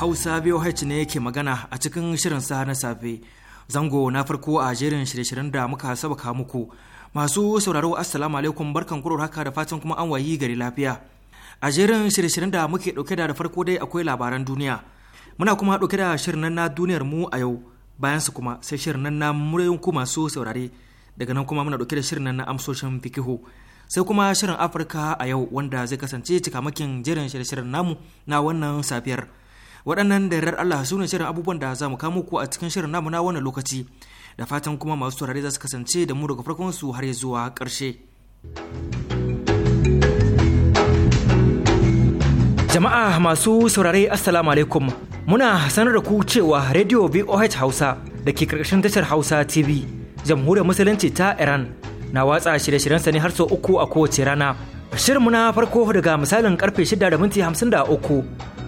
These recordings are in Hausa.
Hausa VOH ne yake magana a cikin shirin sa na safe. Zango na farko a jerin shirye-shiryen da muka sabaka muku. Masu sauraro Assalamu alaikum barkan kurar haka da fatan kuma an wayi gari lafiya. A jerin shirye-shiryen da muke dauke da farko dai akwai labaran duniya. Muna kuma dauke da shirin nan na duniyar mu a yau. Bayan su kuma sai shirin nan na muryoyin ku masu saurare. Daga nan kuma muna dauke da shirin nan na amsoshin fikihu. sai kuma shirin afirka a yau wanda zai kasance cikamakin jerin shirye-shiryen namu na wannan safiyar waɗannan da yarar Allah su ne shirin abubuwan da za mu kamo ku a cikin shirin namu na wannan lokaci da fatan kuma masu turare za su kasance da mu daga farkon su har zuwa ƙarshe. Jama'a masu saurare Assalamu alaikum muna sanar da ku cewa Radio VOH Hausa da ke karkashin tashar Hausa TV jamhuriyar musulunci ta Iran na watsa shirye-shiryen sa ne har sau uku a kowace rana. shirin na farko daga misalin karfe 6 da minti 53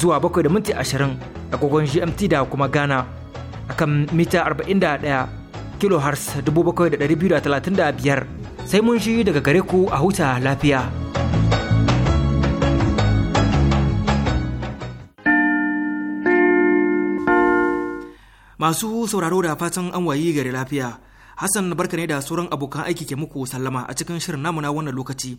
zuwa bakwai da minti 20 agogon GMT da kuma Ghana kan mita 41 kilohertz biyar sai mun shi daga gare ku a huta lafiya. Masu sauraro da fatan an wayi gari lafiya. Hassan barka ne da sauran abokan aiki ke muku sallama a cikin shirin namuna wannan lokaci.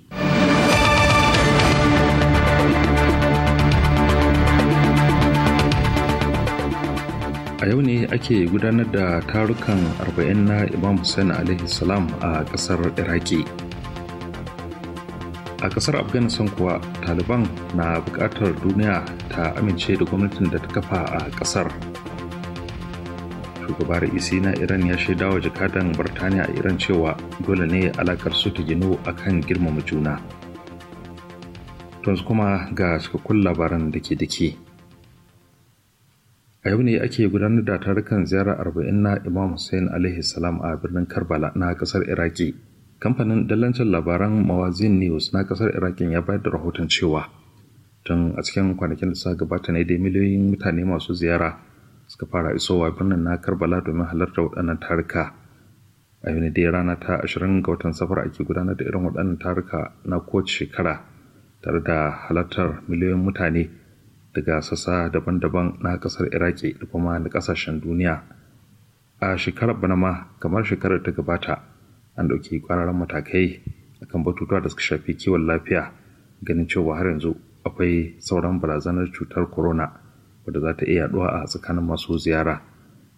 a yau ne ake gudanar da tarukan arba'in na imam hussein alaihi salam a kasar iraki a kasar afghanistan kuwa taliban na bukatar duniya ta amince da gwamnatin da ta kafa a kasar Shugaba isi na iran ya shaida wa jakadan birtaniya a iran cewa dole ne alakar su ta gino kan girmama juna yanzu kuma ga cikakkun labaran da ke dake. a yau ne ake gudanar da tarukan ziyara arba'in na imam hussein alaihi salam a birnin karbala na kasar iraki kamfanin dallancin labaran mawazin news na kasar irakin ya bayar da rahoton cewa tun a cikin kwanakin da suka gabata ne da miliyoyin mutane masu ziyara suka fara isowa birnin na karbala domin halarta waɗannan taruka a yau ne dai rana ta ashirin ga watan safar ake gudanar da irin waɗannan taruka na kowace shekara tare da halartar miliyoyin mutane daga sassa daban-daban na kasar iraki da kuma na kasashen duniya a shekarar bana ma kamar shekarar ta gabata an ɗauki ƙwararren matakai akan batutuwa da suka shafi kiwon lafiya ganin cewa har yanzu akwai sauran barazanar cutar corona wadda za ta iya yaduwa a tsakanin masu ziyara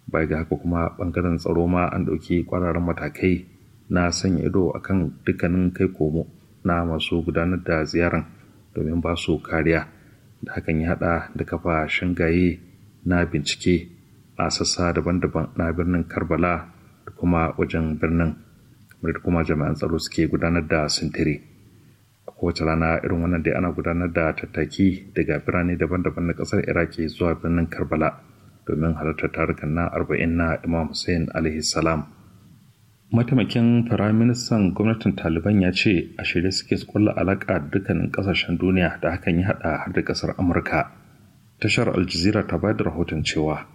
bai ga haka kuma bangaren tsaro ma an ɗauki ƙwararren matakai na sanya ido akan dukkanin kai komo na masu gudanar da ziyaran domin ba su kariya da hakan ya haɗa da kafa shingaye na bincike a sassa daban-daban na birnin karbala da kuma wajen birnin kamar da kuma jami'an tsaro suke gudanar da sintiri a kowace rana irin wannan dai ana gudanar da tattaki daga birane daban-daban na kasar iraki zuwa birnin karbala domin halartar tarukan na arba'in na imam hussein alaihi salam mataimakin firaministan gwamnatin taliban ya ce a shirye suke su kulla alaƙa dukkanin ƙasashen duniya da hakan ya haɗa har da ƙasar amurka tashar aljazira ta bayar da rahoton cewa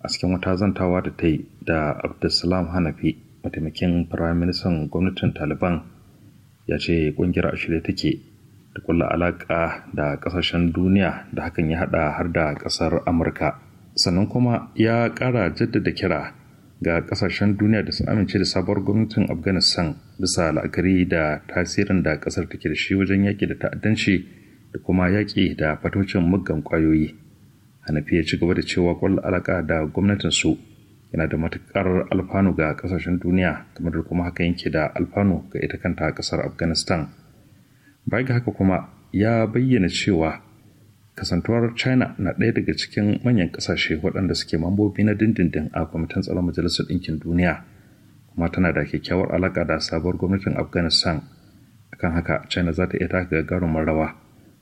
a cikin wata zantawa da ta yi da abdulsalam hanafi mataimakin firaministan gwamnatin taliban ya ce ƙungiyar a shirye take da kulla alaƙa da ƙasashen duniya da hakan ya haɗa har da ƙasar amurka sannan kuma ya ƙara jaddada kira ga kasashen duniya da su amince da sabuwar gwamnatin afghanistan bisa la'akari da tasirin da kasar take da shi wajen yaƙi da ta'addanci da kuma yaƙi da fatocin muggan ƙwayoyi hanafi ya ci gaba da cewa kwallo alaƙa da gwamnatin su yana da matuƙar alfanu ga kasashen duniya kamar da kuma haka yake da alfanu ga ita kanta kasar afghanistan baya ga haka kuma ya bayyana cewa kasantuwar china na ɗaya daga cikin manyan ƙasashe waɗanda suke mambobi na dindindin a kwamitin tsaron majalisar ɗinkin duniya kuma tana da kyakkyawar alaƙa da sabuwar gwamnatin afghanistan akan haka china za ta iya taka gagarumin rawa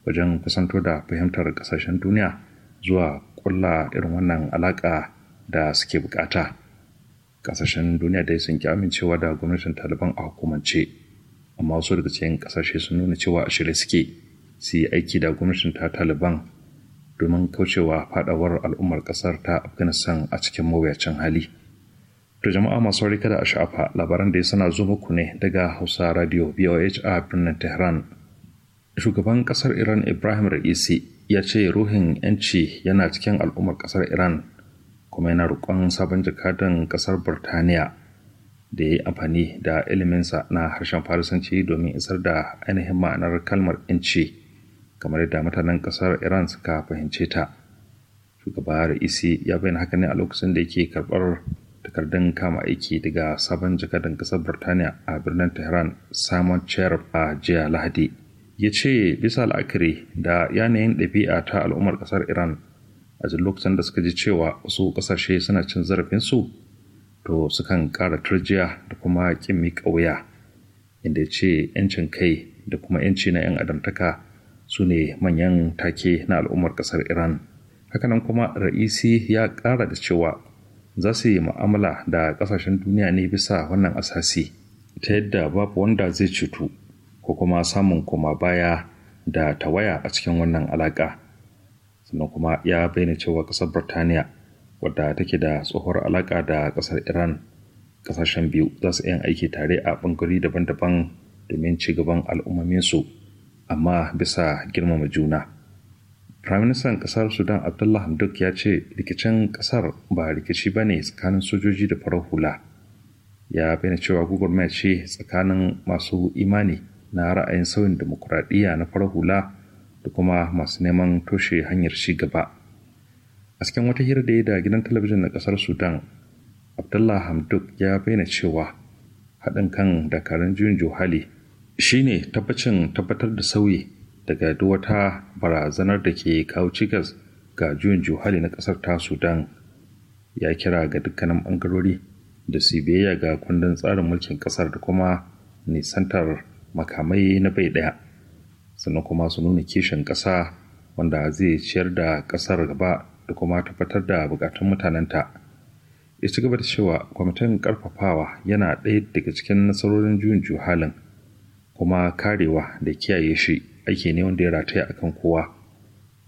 wajen kusantar da fahimtar ƙasashen duniya zuwa ƙulla irin wannan alaƙa da suke buƙata ƙasashen duniya dai sun ƙi amincewa da gwamnatin taliban a hukumance amma wasu daga cikin ƙasashe sun nuna cewa a shirye suke su yi aiki da gwamnatin ta taliban domin kaucewa fadawar al'ummar kasar ta afghanistan a cikin mawuyacin hali to jama'a masu rika da sha'afa labaran da ya sana zo muku ne daga hausa radio boh a birnin tehran shugaban kasar iran ibrahim ra'isi ya ce ruhin yanci yana cikin al'ummar kasar iran kuma yana roƙon sabon jakadan kasar burtaniya da ya yi amfani da iliminsa na harshen farisanci domin isar da ainihin ma'anar kalmar yanci. kamar yadda mutanen kasar iran suka fahimce ta shugaba ra'isi ya bayyana haka ne a lokacin da yake karbar takardun kama aiki daga sabon jakadan kasar birtaniya a birnin tehran simon cherub a jiya lahadi ya ce bisa la'akari da yanayin ɗabi'a ta al'ummar kasar iran a lokacin da suka ji cewa wasu kasashe suna cin zarafinsu to sukan kara turjiya da kuma ƙin miƙa inda ya ce 'yancin kai da kuma 'yanci na 'yan adamtaka su ne manyan take na al'ummar kasar iran hakanan kuma ra'isi ya ƙara da cewa za su yi ma'amala da ƙasashen duniya ne bisa wannan asasi ta yadda babu wanda zai cutu ko kuma samun koma baya da tawaya a cikin wannan alaƙa sannan kuma ya bayyana cewa ƙasar birtaniya wadda take da tsohuwar alaƙa da ƙasar iran ƙasashen biyu za su yin aiki tare a ɓangare daban-daban domin ci gaban al'ummominsu amma bisa girmama juna firaministan ƙasar sudan abdullah hamdok ya ce rikicin ƙasar ba rikici ba ne tsakanin sojoji da farar hula ya bayyana cewa gugurmaya ce tsakanin masu imani na ra'ayin sauyin demokuraɗiyya na farar hula da kuma masu neman toshe hanyar ci gaba a wata hira da ya da gidan talabijin na ƙasar sudan abdullah hamdok ya bayyana cewa haɗin kan dakarun juyin johali Shi ne tabbacin tabbatar da sauyi daga duwata wata barazanar da ke kawo cikas ga juyin juhali na ƙasar ta sudan ya kira ga dukkanin ɓangarori da su biyayya ga kundin tsarin mulkin ƙasar da kuma nisantar makamai na bai ɗaya sannan kuma su nuna kishin ƙasa wanda zai ciyar da ƙasar gaba da kuma tabbatar da buƙatun mutanenta. ya ci gaba da cewa kwamitin karfafawa yana ɗaya daga cikin nasarorin juyin juhalin kuma karewa da kiyaye shi ake ne wanda ya rataya a kan kowa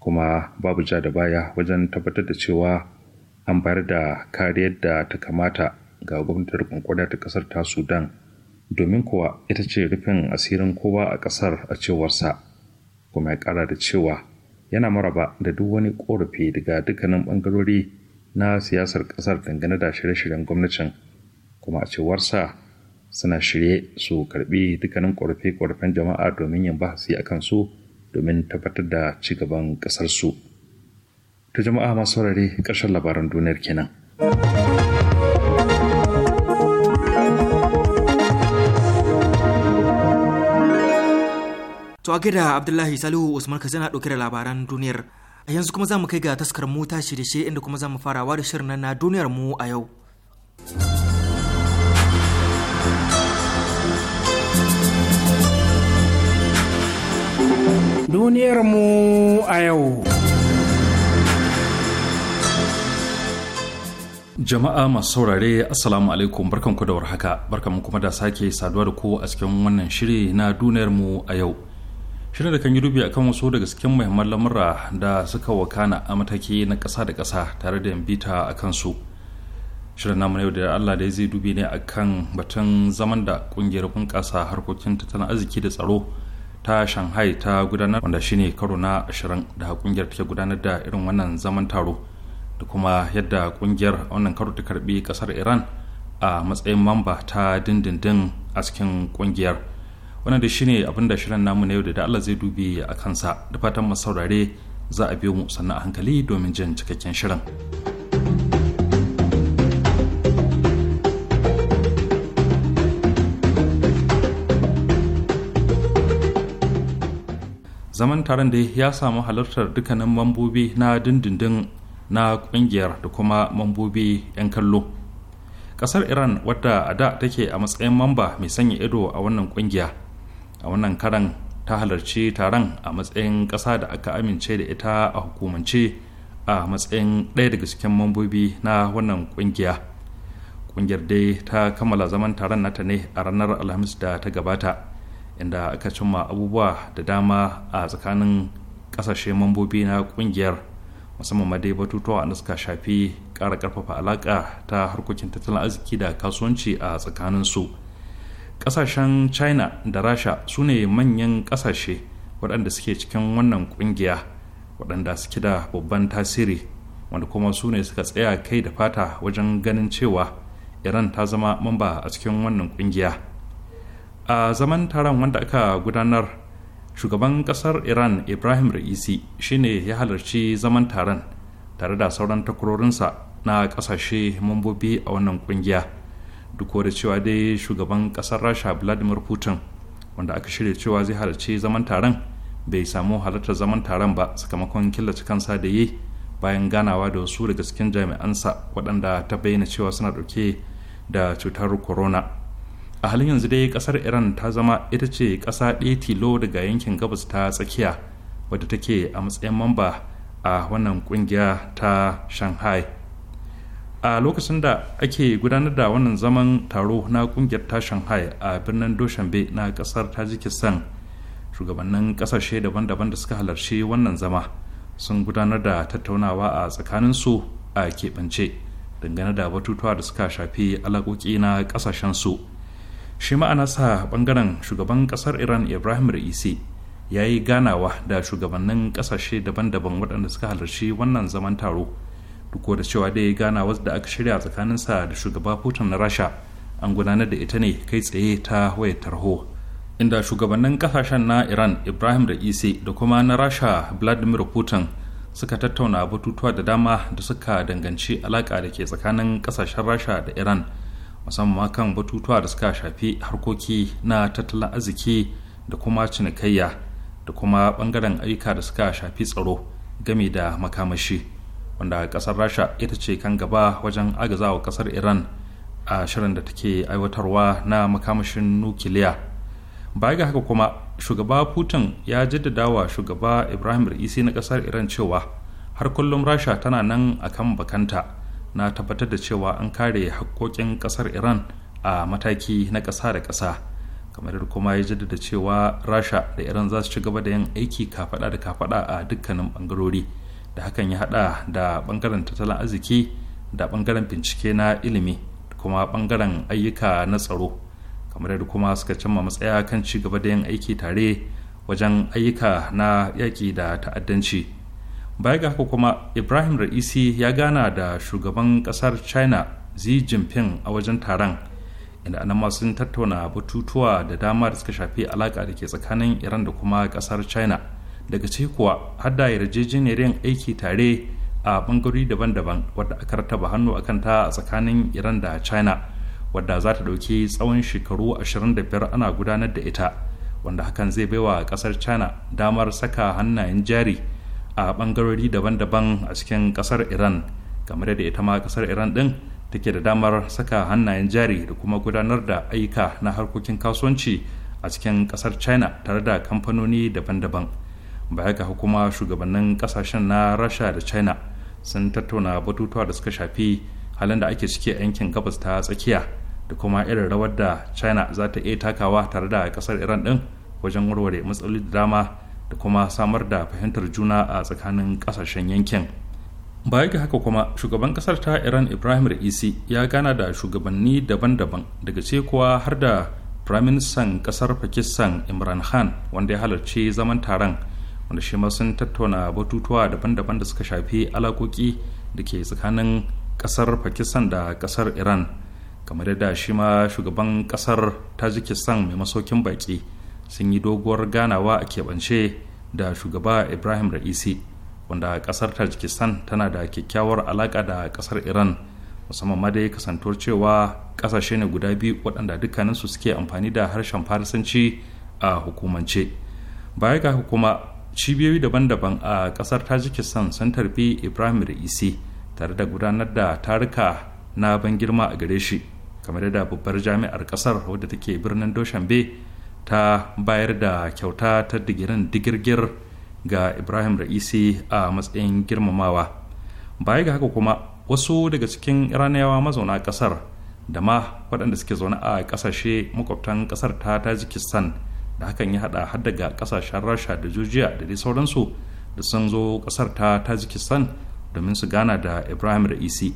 kuma babu ja da baya wajen tabbatar da cewa an bayar da kariyar da ta kamata ga gwamnatar kwankwada ta kasar ta sudan domin kuwa ita ce rufin asirin kowa a kasar a cewarsa kuma ya kara da cewa yana maraba da duk wani korafi daga dukkanin bangarori na siyasar kasar dangane da shirye-shiryen gwamnatin kuma a cewarsa suna shirye su karbi dukkanin ƙorafe-ƙorafen jama'a domin yin bahasi a kansu domin tabbatar da ci gaban ƙasarsu. Ta jama'a masu saurare ƙarshen labaran duniyar kenan. To a gida Abdullahi Salihu Usman Kazan na ɗauke da labaran duniyar. A yanzu kuma za mu kai ga taskar mota shirye-shirye inda kuma za mu farawa da shirin na duniyar mu a yau. duniyar mu a yau. Jama'a masu saurare Assalamu alaikum barkanku da warhaka barkanku kuma da sake saduwa da ku a cikin wannan shiri na duniyar mu a yau. Shirin da kan yi dubi akan wasu daga cikin muhimman lamura da suka wakana a mataki na ƙasa da kasa tare da bita a kansu. Shirin namu yau da Allah da zai dubi ne akan batun zaman da ƙungiyar bunƙasa harkokin tattalin arziki da tsaro ta shanghai ta gudanar wanda shine karo na ashirin da kungiyar take gudanar da irin wannan zaman taro da kuma yadda kungiyar wannan karo ta karbi kasar iran a matsayin mamba ta dindindin a cikin kungiyar wannan da shine abinda shirin namu na yau da Allah zai dubi a kansa da fatan masaurare za a biyo mu sannan a hankali domin jin cikakken shirin. zaman taron da ya samu halartar dukkanin mambobi na dindindin na kungiyar da kuma mambobi 'yan kallo kasar iran wadda a da take a matsayin mamba mai sanya ido a wannan kungiya a wannan karan ta halarci taron a matsayin kasa da aka amince da ita a hukumance a matsayin ɗaya daga cikin mambobi na wannan kungiya kungiyar dai ta kammala zaman taron nata ne a ranar alhamis da ta gabata inda aka cimma abubuwa da dama a tsakanin kasashe mambobi na kungiyar musamman ma dai batutuwa da suka shafi kara karfafa alaka ta harkokin tattalin arziki da kasuwanci a tsakanin su ƙasashen china da rasha su ne manyan ƙasashe waɗanda suke cikin wannan kungiya waɗanda suke da babban tasiri wanda kuma su ne suka tsaya kai da fata wajen ganin cewa iran ta zama mamba a cikin wannan kungiya. a zaman taron wanda aka gudanar shugaban kasar iran ibrahim ra'isi shine ya halarci zaman taron tare da sauran takwarorinsa na kasashe mambobi a wannan kungiya duk da cewa dai shugaban kasar rasha vladimir putin wanda aka shirya cewa zai halarci zaman taron bai samu halartar zaman taron ba sakamakon killace kansa da yi bayan ganawa da wasu daga cikin jami'ansa waɗanda ta bayyana cewa suna ɗauke da cutar corona a halin yanzu dai kasar iran ta zama ita ce kasa ɗaya tilo daga yankin gabas ta tsakiya wadda take a matsayin mamba a wannan kungiya ta shanghai a lokacin da ake gudanar da wannan zaman taro na kungiyar ta shanghai a birnin doshambe na kasar tajikistan shugabannin kasashe daban-daban da suka halarci wannan zama sun gudanar da tattaunawa a tsakaninsu a keɓance dangane da batutuwa da suka shafi alaƙoƙi na ƙasashensu su shi ma'ana sa bangaren shugaban kasar iran ibrahim ra'isi ya yi ganawa da shugabannin kasashe daban-daban waɗanda suka halarci wannan zaman taro duk da cewa dai ganawas da aka shirya tsakaninsa da shugaba putin na rasha an gudanar da ita ne kai tsaye ta wayar tarho inda shugabannin kasashen na iran ibrahim da da kuma na rasha vladimir putin suka tattauna batutuwa da dama da suka danganci alaka da ke tsakanin kasashen rasha da iran musamman kan batutuwa da suka shafi harkoki na tattalin arziki da kuma cinikayya da kuma bangaren ayyuka da suka shafi tsaro game da makamashi wanda kasar rasha ita ce kan gaba wajen agazawa kasar iran a shirin da take aiwatarwa na makamashin nukiliya baya ga haka kuma shugaba putin ya jaddada wa shugaba ibrahim isi na kasar iran cewa har kullum rasha tana nan akan bakanta na tabbatar da cewa an kare hakkokin kasar iran a mataki na ƙasa da ƙasa kamar da kuma ya jaddada cewa rasha da iran za su ci gaba da yin aiki kafaɗa da kafaɗa a dukkanin bangarori da hakan ya haɗa da bangaren tattalin arziki da bangaren bincike na ilimi da kuma bangaren ayyuka na tsaro kamar da kuma suka cimma matsaya kan ci gaba da yin aiki tare wajen ayyuka na yaƙi da ta'addanci baya ga haka kuma ibrahim ra'isi ya gana da shugaban kasar china xi jinping a wajen taron inda anan masu sun tattauna batutuwa da dama da suka shafi alaka da ke tsakanin iran da kuma kasar china daga ciki kuwa har da yarjejeniyar aiki tare a bangarori daban-daban wadda aka rataba hannu a kanta a tsakanin iran da china wadda za ta ɗauki tsawon shekaru 25 ana gudanar da ita wanda hakan zai baiwa kasar china damar saka hannayen jari a bangarori daban-daban a cikin kasar iran kamar yadda ita ma kasar iran din take da damar saka hannayen jari da kuma gudanar da ayyuka na harkokin kasuwanci a cikin kasar china tare da kamfanoni daban-daban baya ga hukuma shugabannin kasashen na rasha da china sun tattauna batutuwa da suka shafi halin da ake ciki a yankin gabas ta tsakiya da kuma irin rawar da china za ta iya takawa tare da kasar iran din wajen warware matsaloli da dama da kuma samar da fahimtar juna a tsakanin kasashen yankin baya ga haka kuma shugaban kasar ta iran ibrahim ra'isi ya gana da shugabanni daban-daban daga ce kuwa har da firaministan kasar pakistan imran khan wanda ya halarci zaman taron wanda shi ma sun tattauna batutuwa daban-daban da suka shafi alakoki da ke tsakanin kasar pakistan da kasar iran kamar yadda shi ma shugaban kasar tajikistan mai masaukin baki sun yi doguwar ganawa a keɓance da shugaba ibrahim ra'isi wanda kasar tajikistan tana da kyakkyawar alaƙa da ƙasar iran musamman ma dai kasantuwar cewa ƙasashe ne guda biyu waɗanda dukkaninsu suke amfani da harshen farisanci a hukumance baya ga hukuma cibiyoyi daban-daban a kasar tajikistan sun tarbi ibrahim ra'isi tare da gudanar da tarika na ban girma a gare shi kamar da babbar jami'ar ƙasar wadda take birnin doshambe ta bayar da kyauta ta digirin digirgir ga ibrahim ra'isi a matsayin girmamawa baya ga haka kuma wasu daga cikin iraniyawa mazauna kasar da ma waɗanda suke zaune a ƙasashe makwabtan ƙasar ta tajikistan da hakan ya haɗa har daga ƙasashen rasha da jujiya da dai sauransu da sun zo ƙasar ta tajikistan domin su gana da ibrahim ra'isi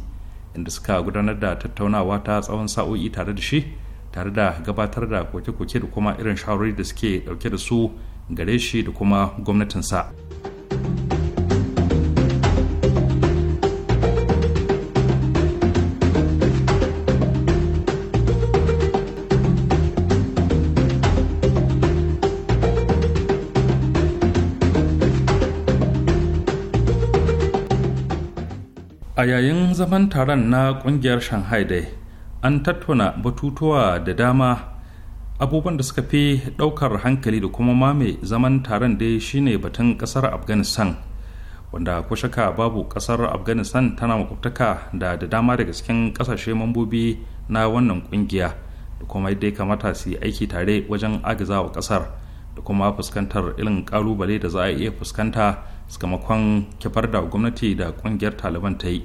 inda suka gudanar da tattaunawa ta tsawon sa'o'i tare da shi tare da gabatar da koke-koke da kuma irin shawarwari da suke dauke da su gare shi da kuma gwamnatinsa a yayin zaman taron na kungiyar shanghai dai an tattauna batutuwa da dama abubuwan da suka fi ɗaukar hankali da kuma mame zaman taron dai shine batun ƙasar afghanistan wanda ko shaka babu ƙasar afghanistan tana makwabtaka da da dama daga cikin ƙasashe mambobi na wannan ƙungiya da kuma yadda ya kamata su yi aiki tare wajen agazawa ƙasar da kuma fuskantar irin ƙalubale da za a iya fuskanta sakamakon kifar da gwamnati da ƙungiyar taliban ta yi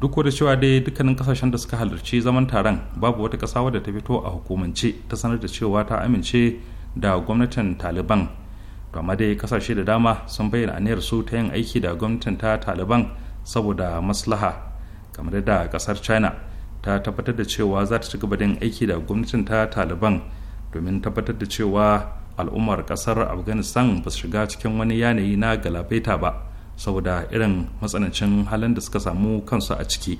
duk da cewa dai dukkanin kasashen da suka halarci zaman taron babu wata ƙasa wadda ta fito a hukumance ta sanar da cewa ta amince da gwamnatin taliban to amma dai kasashe da dama sun bayyana aniyar su ta yin aiki da gwamnatin ta taliban saboda maslaha kamar da kasar china ta tabbatar da cewa za ta ci gaba da yin aiki da gwamnatin ta taliban domin tabbatar da cewa al'ummar kasar afghanistan ba su shiga cikin wani yanayi na galabaita ba saboda irin matsanancin halin da suka samu kansu a ciki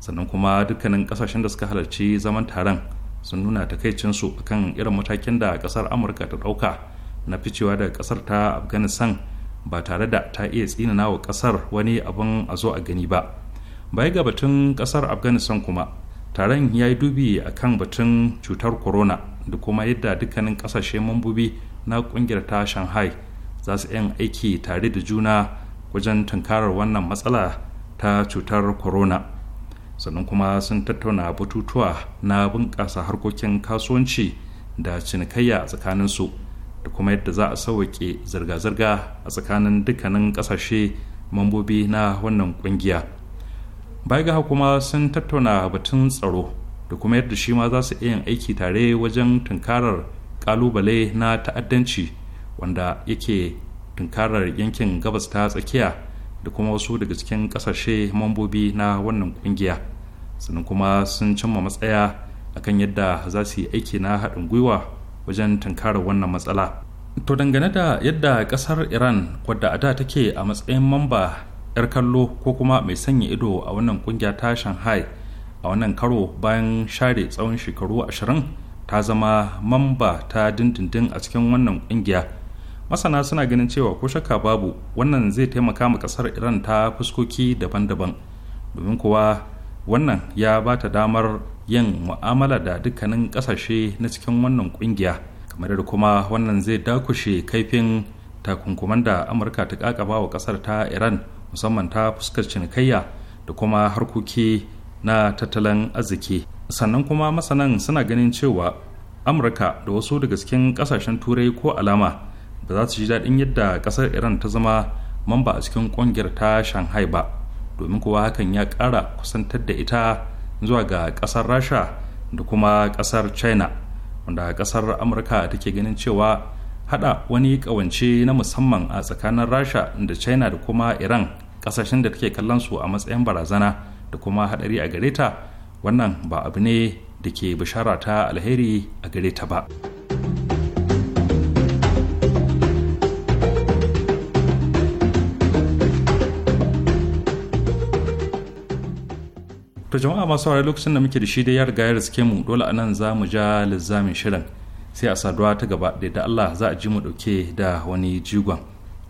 sannan kuma dukkanin kasashen da suka halarci zaman taron sun nuna takaicinsu a kan irin matakin da kasar amurka ta dauka na ficewa daga kasar ta afghanistan ba tare da ta iya tsinana wa kasar wani abin a zo a gani ba baya ga batun kasar afghanistan kuma taron ya yi dubi a kan batun cutar corona da kuma yadda dukkanin kasashe mambobi na kungiyar ta shanghai za su yin aiki tare da juna wajen tunkarar wannan matsala ta cutar corona sannan kuma sun tattauna batutuwa na bunƙasa harkokin kasuwanci da cinikayya a tsakaninsu da kuma yadda za a sauwaƙe zirga-zirga a tsakanin dukkanin ƙasashe mambobi na wannan ƙungiya baya ga kuma sun tattauna batun tsaro da kuma yadda shi ma za su iya yin aiki tare wajen tunkarar ƙalubale na ta'addanci wanda yake tunkarar yankin gabas ta tsakiya da kuma wasu daga cikin kasashe mambobi na wannan kungiya sannan kuma sun cimma matsaya akan yadda za su yi aiki na haɗin gwiwa wajen tunkarar wannan matsala to dangane da yadda ƙasar iran wadda a da take a matsayin mamba 'yar kallo ko kuma mai sanya ido a wannan kungiya ta shanghai a wannan karo bayan share tsawon shekaru ashirin ta zama mamba ta dindindin a cikin wannan kungiya masana suna ganin cewa ko shakka babu wannan zai taimaka ma kasar iran ta fuskoki daban-daban domin kuwa wannan ya ba ta damar yin mu'amala da dukkanin kasashe na cikin wannan kungiya kamar da kuma wannan zai dakushe kaifin takunkuman da amurka ta kakaba wa kasar ta iran musamman ta fuskar cinikayya da kuma harkoki na tattalin arziki sannan kuma masanan suna ganin cewa amurka da wasu daga cikin kasashen turai ko alama ba za su ji daɗin yadda ƙasar iran ta zama mamba a cikin ƙungiyar ta shanghai ba domin kuwa hakan ya ƙara kusantar da ita zuwa ga ƙasar rasha da kuma ƙasar china wanda ƙasar amurka take ganin cewa haɗa wani ƙawance na musamman a tsakanin rasha da china da kuma iran ƙasashen da take kallon su a matsayin barazana da kuma haɗari a gare ta wannan ba abu ne da ke bishara ta alheri a gare ta ba. to jama'a masu wari lokacin da muke da shi dai ya riga ya riske mu dole anan za mu ja lizamin shirin sai a saduwa ta gaba da da Allah za a ji mu dauke da wani jigon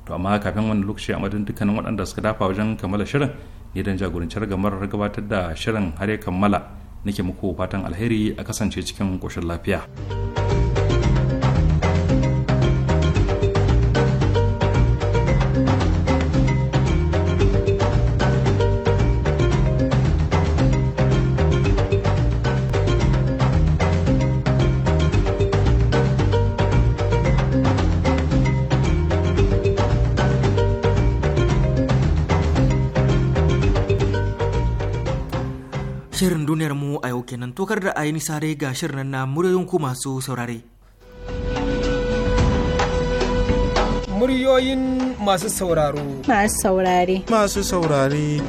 to amma kafin wannan lokaci a madadin dukkanin waɗanda suka dafa wajen kammala shirin ne dan jagorancin gamar gabatar da shirin har ya kammala nake muku fatan alheri a kasance cikin koshin lafiya. a yau kenan tokar da ayi sare ga shirin na muryoyin ku masu saurare. Muryoyin masu sauraro. Masu saurare. Masu saurare.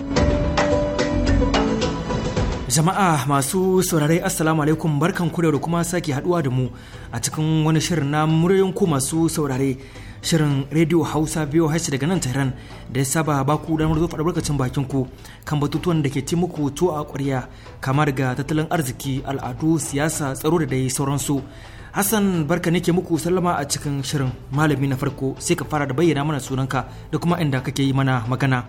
Jama'a masu saurare Assalamu alaikum barkan ku da kuma sake haduwa da mu a cikin wani shirin na muryoyin ku masu saurare. shirin rediyo hausa biyu hasi daga nan tehran da ya saba ba baku damar zo faɗa bakin ku kan batutuwan da ke ci muku to a ƙwarya kamar ga tattalin arziki al'adu siyasa tsaro da dai sauransu hassan barka ne ke muku sallama a cikin shirin malami na farko sai ka fara da bayyana mana sunanka da kuma inda kake yi mana magana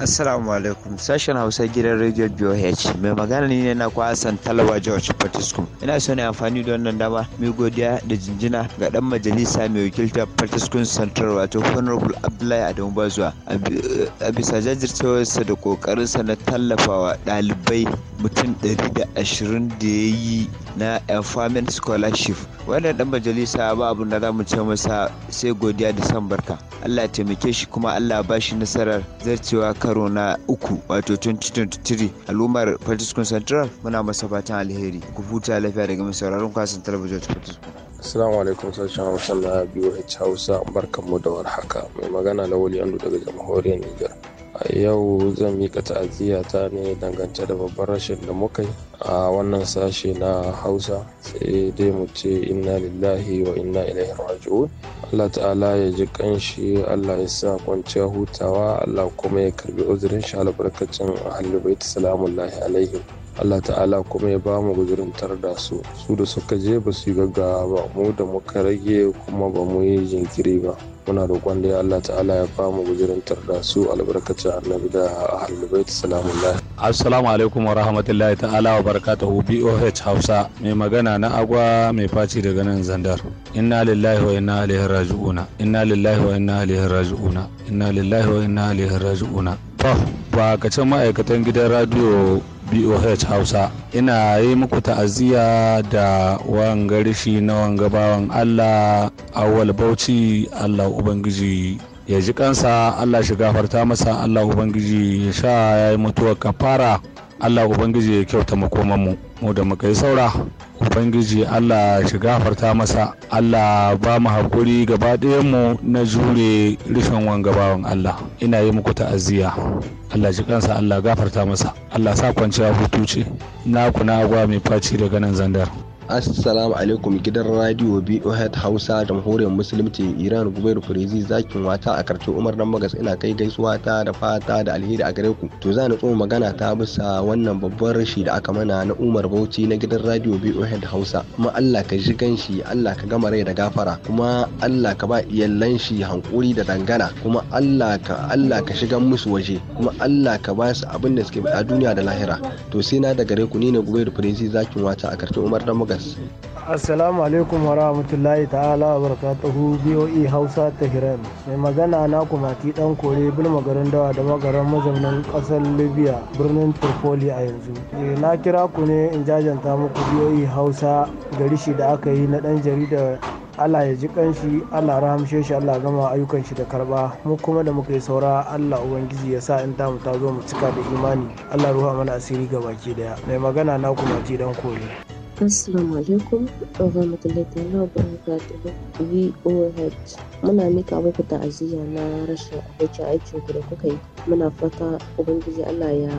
Assalamu alaikum sashen Hausa gidan Radio BOH mai magana ne na kwa Hassan Talawa George Patiskum. Ina so ne amfani da wannan dama mai godiya da jinjina ga ɗan majalisa mai wakiltar Patiskum Central wato Honorable Abdullahi Adamu Bazuwa a bisa jajircewarsa da kokarinsa na tallafawa ɗalibai mutum 120 da ya yi na Empowerment Scholarship. Wannan dan majalisa ba abu da za mu ce masa sai godiya da san barka. Allah ya taimake shi kuma Allah ba shi nasarar zarcewa kan karo na uku wato 2023 al'ummar Fatiskun Central muna masa fatan alheri ku huta lafiya daga mai sauraron kwasan talabijin Fatiskun. Assalamu alaikum sashen Hausa na BOH Hausa barkanmu da warhaka mai magana na wali andu daga jamhuriyar niger. a yau zan mika ta'aziyya ne dangance da babban rashin da muka yi a wannan sashe na hausa sai dai mu ce inna lillahi wa inna ilaihi raji'un allah ta'ala ya ji kanshi allah ya sa kwanciya hutawa allah kuma ya karbi uzurin shi albarkacin ahalubaitu salamun lahi alaihim Allah ta'ala kuma ya ba mu guzurintar da su su da suka je ba su yi gaggawa ba mu da muka rage kuma ba mu yi jinkiri ba muna roƙon dai Allah ta'ala ya famu gujirin tarda su albarkacin annabi da ahlul bait salamun lahi assalamu alaikum wa rahmatullahi ta'ala wa barakatuhu BOH Hausa mai magana na agwa mai faci daga nan Zandar inna lillahi wa inna ilaihi raji'una inna lillahi wa inna ilaihi raji'una inna lillahi wa inna ilaihi raji'una to ba ma'aikatan gidan radio boh hausa ina yi muku ta'aziyya da wanga rishi na wanga bawan allah awal bauchi allah ubangiji ya ji kansa allah shiga farta masa allah ubangiji ya sha ya yi mutuwar kafara allah ubangiji ya kyauta makomanmu mu da muka yi saura ubangiji allah shi gafarta masa allah ba mu haƙuri gaba mu na jure rufin wanga bawan allah ina yi muku ta'aziyya allah ji kansa allah gafarta masa allah sa kwanciya hutu ce na kuna agwa mai faci daga nan zandar assalamu alaikum gidan radio BOHead Hausa jamhuriyar musulunci Iran Gubair Firizi zakin wata a karshe Umar dan Magas ina kai gaisuwa ta da fata da alheri a gare ku to za ni tsoma magana ta bisa wannan babbar rashi da aka mana na Umar Bauchi na gidan radio BOHead Hausa kuma Allah ka ji ganshi Allah ka gama rai da gafara kuma Allah ka ba iyallan shi hankuri da dangana kuma Allah ka Allah ka shiga musu waje kuma Allah ka ba su abin da suke a duniya da lahira to sai na da gare ku ni ne Gubair Firizi zakin wata a karshe Umar dan Magas Assalamu alaikum wa rahmatullahi ta'ala wa barakatuhu BOE Hausa Tehran. Mai magana na kumati dan kore bulma garin dawa da magaran mazaunin kasar Libya birnin Tripoli a yanzu. Eh, na kira ku ne in jajanta muku BOE Hausa gari rishi da aka yi na dan jarida Allah ya ji kanshi Allah rahamshe shi Allah gama ayyukan shi da karba mu kuma da muka yi saura Allah ubangiji ya sa in tamu ta zo mu cika da imani Allah ruha mana asiri ga baki daya mai magana na kuma ji dan kore Assalamu alaikum wa rahmatullahi ta'ala wa barakatuhu VOH muna mika muku ta'aziyya na rashin abokin aikin ku da kuka yi muna fata ubangiji Allah ya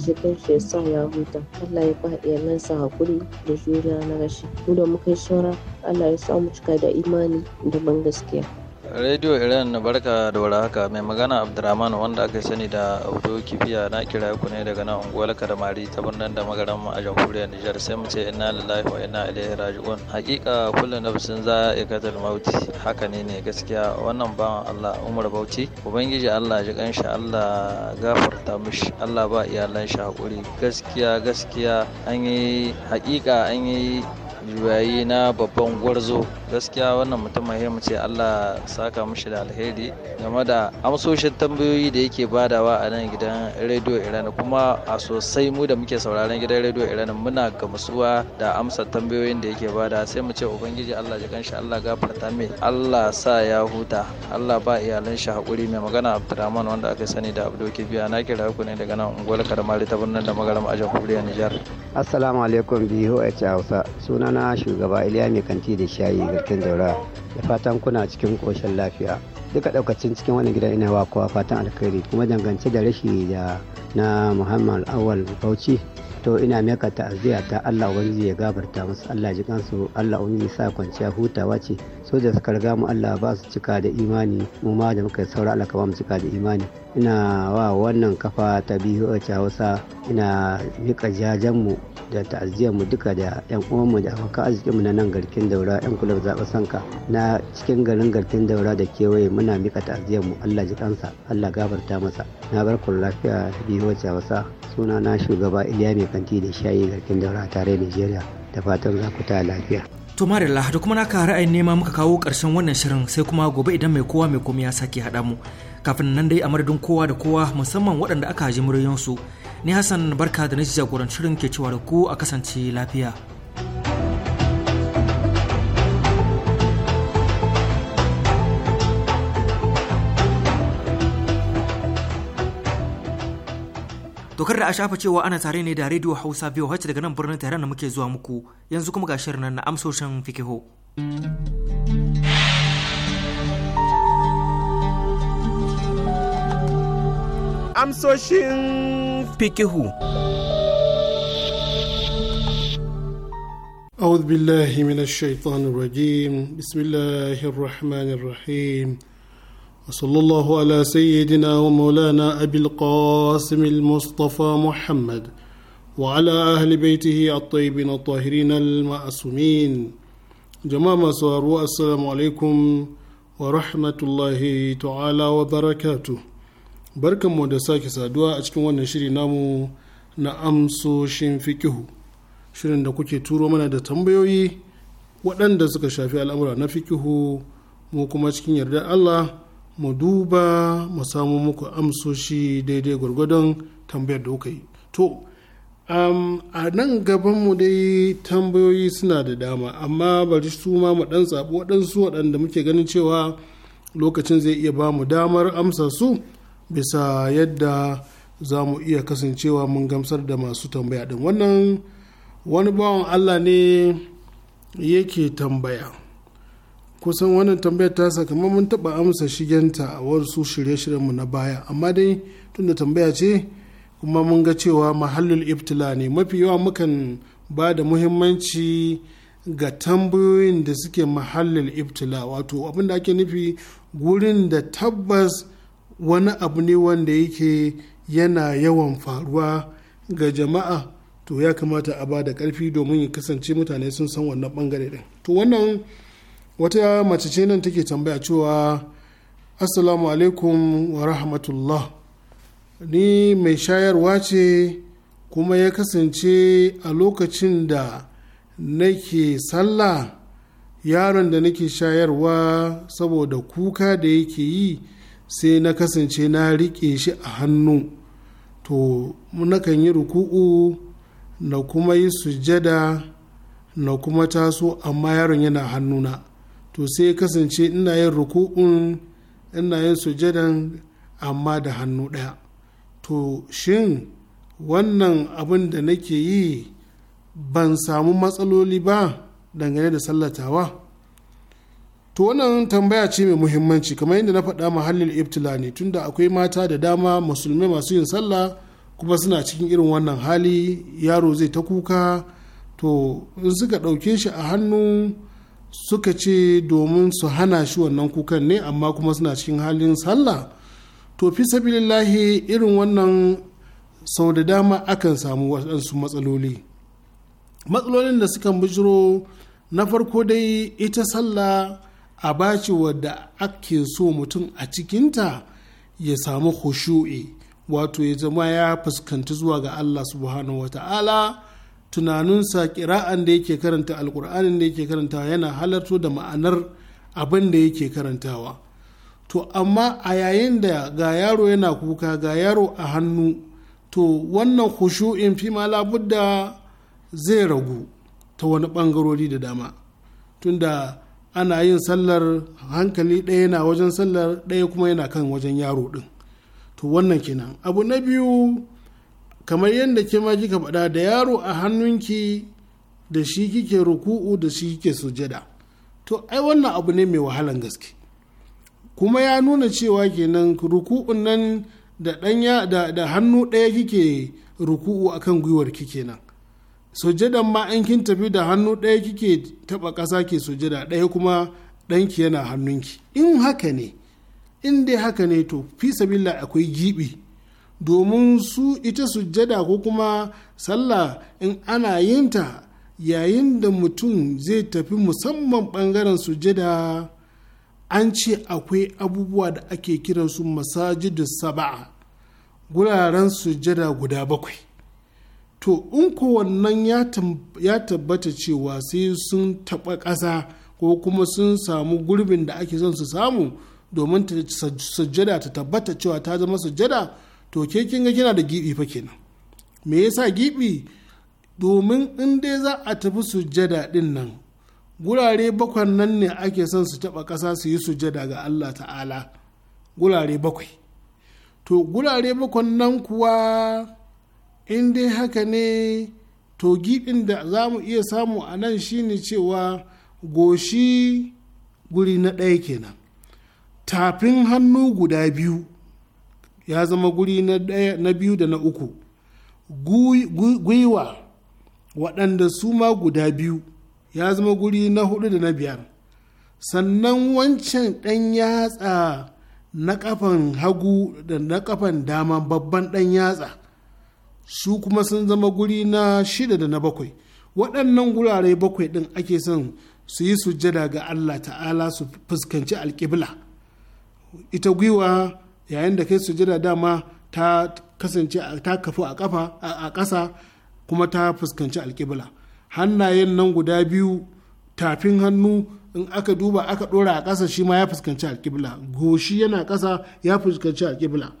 ji kanshi ya sa ya huta Allah ya ba iyalansa hakuri da juriya na rashi mu da muka yi saura Allah ya sa mu cika da imani da ban gaskiya Radio Iran barka da haka mai magana abdulrahman wanda aka sani da Auto Kibiya na kira ku ne daga nan unguwar Kadamari ta birnin da magaran a jamhuriyar Nijar sai mu ce inna lillahi wa inna ilaihi raji'un. Hakika kullu nafsin za'iqatul mauti haka ne ne gaskiya wannan bawan Allah Umar Bauchi ubangiji Allah ji kanshi Allah gafarta mishi Allah ba iyalan shi hakuri gaskiya gaskiya an yi hakika an yi juyayi na babban gwarzo gaskiya wannan mutum mu ce allah saka mishi da alheri game da amsoshin tambayoyi da yake badawa a nan gidan rediyo iran kuma a sosai mu da muke sauraron gidan rediyo iran muna gamsuwa da amsa tambayoyin da yake bada sai mu ce ubangiji allah ji kanshi allah gafarta mai allah sa ya huta allah ba iyalan shi haƙuri mai magana abdurrahman wanda aka sani da abdul kibiya na kira ku ne daga nan unguwar karmali ta birnin da magaram a jamhuriyar nijar assalamu alaikum biyu a hausa sunan sunana shugaba iliya mai kanti da shayi garkin daura da fatan kuna cikin koshin lafiya duka daukacin cikin wani gidan ina wa kowa fatan alkhairi kuma dangance da rashi da na muhammad awal bauchi to ina maka ta'aziyya ta Allah wani ya gabarta musu Allah ji kansu Allah ubangiji sa kwanciya hutawa ce soja suka riga mu Allah ba su cika da imani mu ma da muka saura Allah ka ba mu cika da imani ina wa wannan kafa ta a Hausa ina mika jajen mu da ta'aziyar mu duka da yan uwan mu da abokan arzikin mu na nan garkin daura yan kulab zaba sanka na cikin garin garkin daura da kewaye muna mika ta'aziyar mu Allah ji kansa Allah gafarta masa na bar ku lafiya a Hausa suna na shugaba Iliya mai kanti da shayi garkin daura tare Nigeria da fatan za ku ta lafiya To Marilla da kuma naka ra'ayin nema muka kawo ƙarshen wannan shirin sai kuma gobe idan mai kowa mai komai ya sake haɗa mu. Kafin nan dai a madadin kowa da kowa musamman waɗanda aka ji muryoyinsu. Ni Hassan barka da na jagorancin shirin ke cewa da ku a kasance lafiya. Dokar da a shafa cewa ana tare ne da Radio Hausa biyu wacce daga nan birnin Tehran da muke zuwa muku yanzu kuma ga shirin na amsoshin fikiho. Amsoshin fikihu. أعوذ بالله من الشيطان الرجيم بسم الله وصلى الله على سيدنا ومولانا أبي القاسم المصطفى محمد وعلى أهل بيته الطيبين الطاهرين المعصومين جماعة صاروا السلام عليكم ورحمة الله تعالى وبركاته بركة مدسا كسادوا أشكم ونشري نامو نأمسو شنفكه shirin da kuke turo mana da tambayoyi waɗanda suka shafi al'amura na fikihu mu kuma cikin yardar Allah mu duba mu samu muku amsoshi daidai gwargwadon tambayar da kuka yi to um, a nan gabanmu dai tambayoyi suna da dama amma bari su ma mu dan zaɓi waɗansu waɗanda muke ganin cewa lokacin zai iya ba mu damar amsa su bisa yadda za mu iya kasancewa mun gamsar da masu tambaya din wannan wani bawan allah ne yake tambaya kusan wannan tambayar ta kamar mun taɓa amsa shigenta a wasu shirye-shiryenmu na baya amma dai tunda tambaya ce kuma mun ga cewa mahallul iftila ne mafi yawa mukan ba da muhimmanci ga tambayoyin da suke mahallul iftila, wato abin da ake nufi gurin da tabbas wani abu ne wanda yake yana yawan faruwa ga jama'a to ya kamata a ba da ƙarfi domin ya kasance mutane sun san wannan bangare ɗin to wannan wata mace ce nan take tambaya cewa assalamu alaikum wa rahmatullah ni mai shayarwa ce kuma ya kasance a lokacin da nake sallah yaron da nake shayarwa saboda kuka da yake yi sai na kasance na riƙe shi a hannu to nakan yi ruku'u na kuma yi sujada na kuma taso amma yaron yana hannuna to sai kasance ina yin ruku'un ina yin sujadan amma da hannu ɗaya to shin wannan abin da nake yi ban samu matsaloli ba dangane da sallatawa to wannan tambaya ce mai muhimmanci kamar yadda na faɗa mahallin ibtila ne tunda akwai mata da dama musulmai masu yin sallah kuma suna cikin irin wannan hali yaro zai ta kuka to in suka ɗauke shi a hannu suka ce domin su hana shi wannan kukan ne amma kuma suna cikin halin sallah to fi sabilillahi irin wannan sau da dama akan samu waɗansu matsaloli matsalolin da suka bujiro na farko dai ita sallah a baci wadda ake so mutum a cikinta ya samu khushu'i wato ya zama ya fuskanci zuwa ga Allah subhanahu wa ta'ala tunaninsa kira'an da yake karanta alkur'anin da yake karantawa yana halarto da ma'anar abin da yake karantawa to amma a yayin da ga yaro yana kuka ga yaro a hannu to wannan khushu'in fi ma labudda zai ragu ta wani bangarori da dama tunda ana yin sallar hankali ɗaya yana wajen sallar ɗaya kuma yana kan wajen yaro ɗin to wannan kenan abu na biyu kamar yadda ke ma kika faɗa da yaro a hannunki da shi kike ruku'u da shi kike sujada to ai wannan abu ne mai wahalan gaske kuma ya nuna cewa kenan ruku'un nan da ɗanya da, hannu ɗaya kike ruku'u akan gwiwar kike nan sujadan ma in kin tafi da hannu ɗaya kike taɓa ƙasa ke sujada ɗaya kuma ɗanki yana hannunki in haka ne in dai haka ne to fi sabilla akwai giɓi. domin su ita sujjada ko kuma sallah in ana yinta yayin da mutum zai tafi musamman ɓangaren sujjada an ce akwai abubuwa da ake kiransu masajidu saba'a guraren sujjada guda bakwai to in ko wannan ya tabbata cewa sai sun taɓa ƙasa ko kuma sun samu gurbin da ake son su samu domin sujjada ta tabbata cewa ta zama sujjada to ke kin ga kina da gibi fa kenan me yasa giɓi domin in dai za a tafi sujjada din nan gurare bakwai nan ne ake son su taɓa ƙasa su yi sujjada ga Allah ta'ala gurare bakwai to gurare bakwai nan kuwa in dai haka ne to gibin da za mu iya samu a nan shine cewa goshi guri na ɗaya kenan tafin hannu guda biyu ya zama guri na biyu da na uku gwiwa waɗanda su ma guda biyu ya zama guri na hudu da na biyar sannan wancan ɗan yatsa na kafan hagu da na kafan dama babban ɗan yatsa su kuma sun zama guri na shida da na bakwai waɗannan gurare bakwai ɗin ake son su yi sujjada ga allah ta'ala su fuskanci alƙibla ita gwiwa yayin da kai sujada dama ta kasance ta kafu a kafa a ƙasa kuma ta fuskanci alƙibla hannayen nan guda biyu tafin hannu in aka duba aka ɗora a ƙasa shi ma ya fuskanci alƙibla goshi yana ƙasa ya fuskanci alƙibla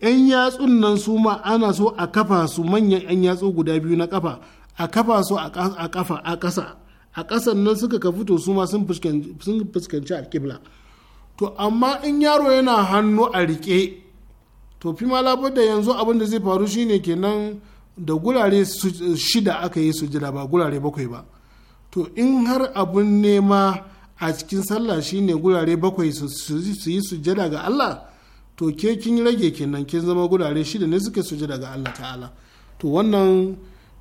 'yan yatsun nan su ma ana so a kafa su manyan 'yan yatsu guda biyu na kafa a kafa su a kafa a ƙasa a ƙasan nan suka ka fito su ma sun fuskanci alƙibla to amma in yaro yana hannu a rike to fi ma da yanzu abin da zai faru shine kenan da gurare shida aka yi su jira ba gurare bakwai ba to in har abun nema a cikin sallah shine gurare bakwai su yi sujada ga Allah to ke kin rage kenan kin zama gurare shida ne suke sujada ga Allah ta'ala to wannan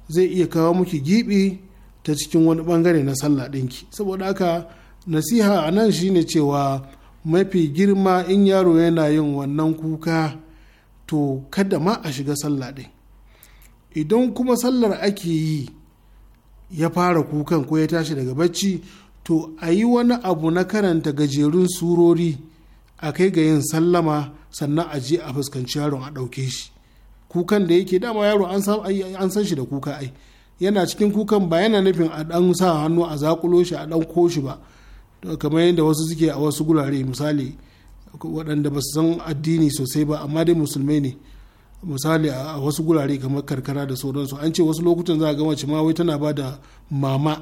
zai iya kawo miki gibi ta cikin wani bangare na sallah ɗinki saboda haka nasiha a nan shine cewa mafi girma in yaro yana yin wannan kuka to kada ma a shiga sallah ɗin idan kuma sallar ake yi ya fara kukan ko ya tashi daga bacci to a yi wani abu na karanta gajerun surori a kai ga yin sallama sannan a je a fuskanci yaron a ɗauke shi kukan da yake dama yaro an san shi da kuka ai yana cikin kukan ba yana nufin a ɗan sa hannu a zakulo shi a ɗauko shi ba kamar yadda wasu suke a wasu gurare misali waɗanda ba su san addini sosai ba amma dai musulmai ne misali a wasu gurare kamar karkara da sauransu an ce wasu lokutan za a ga mace wai tana ba da mama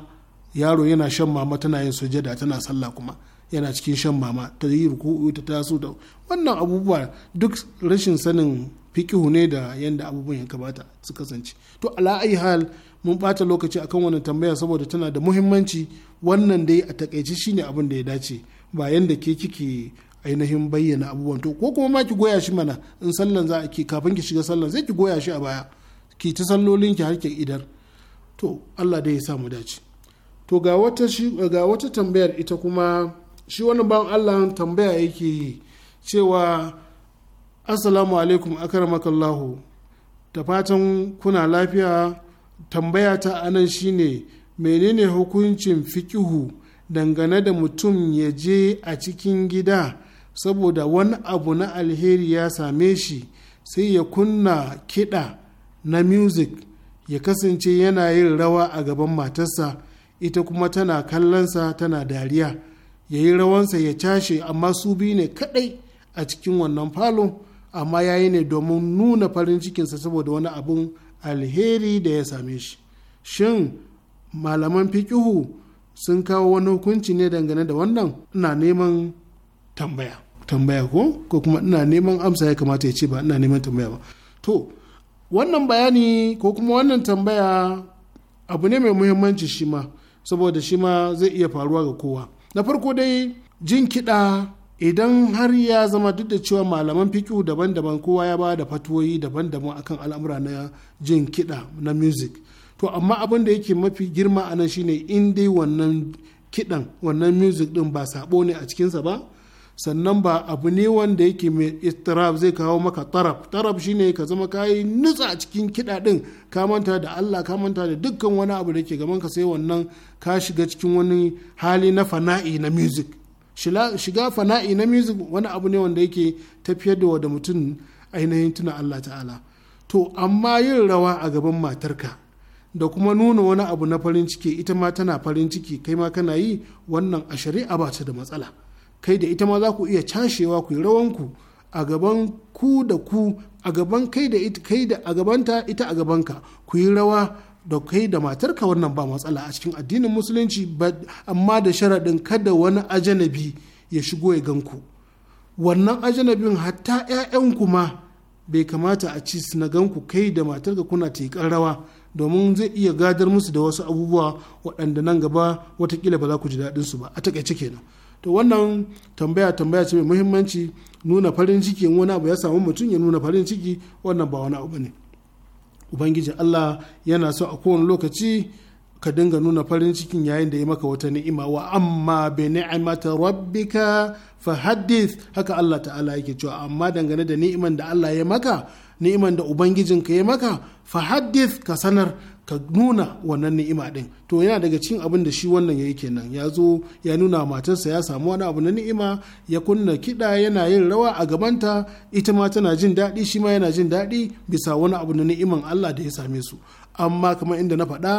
yaro yana shan mama tana yin sujada tana sallah kuma yana cikin shan mama ta yi ruku'u ta taso da wannan abubuwa duk rashin sanin fikihu ne da yadda abubuwan ya kamata su kasance to ala'ayi hal mun bata lokaci akan wannan tambaya saboda tana da muhimmanci wannan dai a takaici shine abin da ya dace ba yadda ke kike ainihin bayyana abubuwan to ko kuma ma ki goya shi mana in sallan za a ki kafin ki shiga sallan zai ki goya shi a baya ki ta sallolin ki har ki idar to Allah dai ya sa mu dace to ga wata tambayar ita kuma shi wani ban Allah tambaya yake cewa assalamu alaikum akaramakallahu ta fatan kuna lafiya tambaya ta anan shine menene hukuncin fikihu dangane da mutum ya je a cikin gida saboda wani abu na alheri ya same shi sai ya kunna kiɗa na music ya kasance yana yin rawa a gaban matarsa ita kuma tana kallonsa tana dariya ya yi rawansa ya cashe amma su biyu ne kaɗai a cikin wannan falon amma ya yi ne domin nuna farin cikinsa saboda wani abun alheri da ya same shi shin malaman fikihu sun kawo wani hukunci ne dangane da wannan ina neman tambaya tambaya ko ko kuma ina neman amsa ya kamata ya ce ba ina neman tambaya ba to wannan bayani ko kuma wannan tambaya abu ne mai muhimmanci shima saboda shima zai iya faruwa ga kowa na farko dai jin kiɗa idan har ya zama duk da cewa malaman fiƙi daban-daban kowa ya ba da fatuwoyi daban-daban akan al'amura na jin kiɗa na music to amma abin da yake mafi girma a nan shine in dai wannan kiɗan wannan music ɗin ba sabo ne a cikinsa ba sannan ba abu ne wanda yake mai istirab zai kawo maka tarab tarab shine ka zama ka yi nutsa a cikin kiɗa ɗin ka manta da Allah ka manta da dukkan wani abu da ke gaban ka sai wannan ka shiga cikin wani hali na fana'i na music shiga fana'i na music wani abu ne wanda yake tafiyar da wada mutum ainihin tuna Allah ta'ala to amma yin rawa a gaban matarka da kuma nuna wani abu na farin ciki ita ma tana farin ciki kai ma kana yi wannan a shari'a ba ta da matsala kai da ita ma za ku iya cashewa ku yi rawanku a gaban ku da ku a gaban kai da ita a gabanta ita gabanka ku yi rawa da kai da matarka wannan ba matsala a cikin addinin musulunci amma da sharaɗin kada wani ajanabi ya shigo ya ganku wannan ajanabin hatta 'ya'yanku ma bai kamata a ci na ganku kai da matarka kuna teƙan rawa domin zai iya gadar musu da wasu abubuwa waɗanda nan gaba watakila ba za ku ji daɗin su ba a takaice kenan to wannan tambaya tambaya ce mai muhimmanci nuna farin ciki wani abu ya samu mutum ya nuna farin ciki wannan ba wani abu ne ubangijin Allah yana so a kowane lokaci ka dinga nuna farin cikin yayin da ya maka wata ni'ima wa amma bi ni'mata rabbika fa hadith haka Allah ta'ala yake cewa amma dangane da ni'iman da Allah ya maka ni'iman da ubangijinka ya maka fa hadith ka sanar ka nuna wannan ni'ima din to yana daga cikin abin da shi wannan yayi kenan ya zo ya nuna matarsa ya samu wani abu na ni'ima ya kunna kiɗa yana yin rawa a gabanta ita ma tana jin daɗi shi ma yana jin daɗi bisa wani abu na ni'iman Allah da ya same su amma kamar inda na faɗa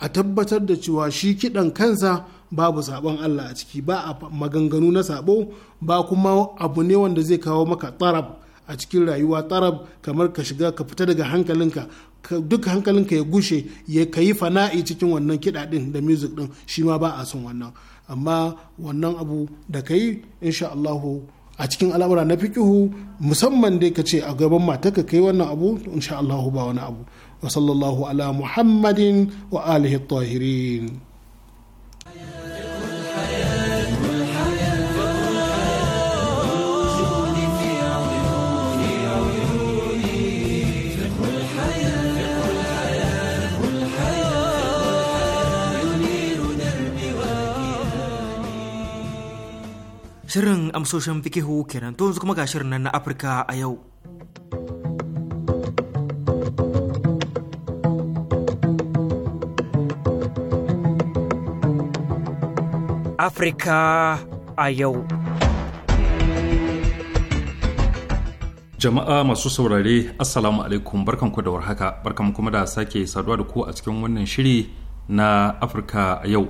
a tabbatar da cewa shi kiɗan kansa babu sabon Allah a ciki ba a maganganu na sabo ba kuma abu ne wanda zai kawo maka tsarab a cikin rayuwa tarab kamar ka shiga ka fita daga hankalinka duk hankalinka ya gushe ya kayi fana'i cikin wannan kiɗa ɗin da music ɗin shi ma ba a son wannan amma wannan abu da ka yi insha Allahu a cikin al'amura na fikihu musamman dai ka ce a gaban ka kai wannan abu insha Allahu ba wani abu wa sallallahu ala muhammadin wa alihi tahirin Shirin amsoshin fikihu kenan to yanzu kuma ga shirin nan na Afirka a yau. Afirka a yau. Jama'a masu saurare Assalamu alaikum barkanku da warhaka barkanku kuma da sake saduwa da ku a cikin wannan shiri na Afirka a yau.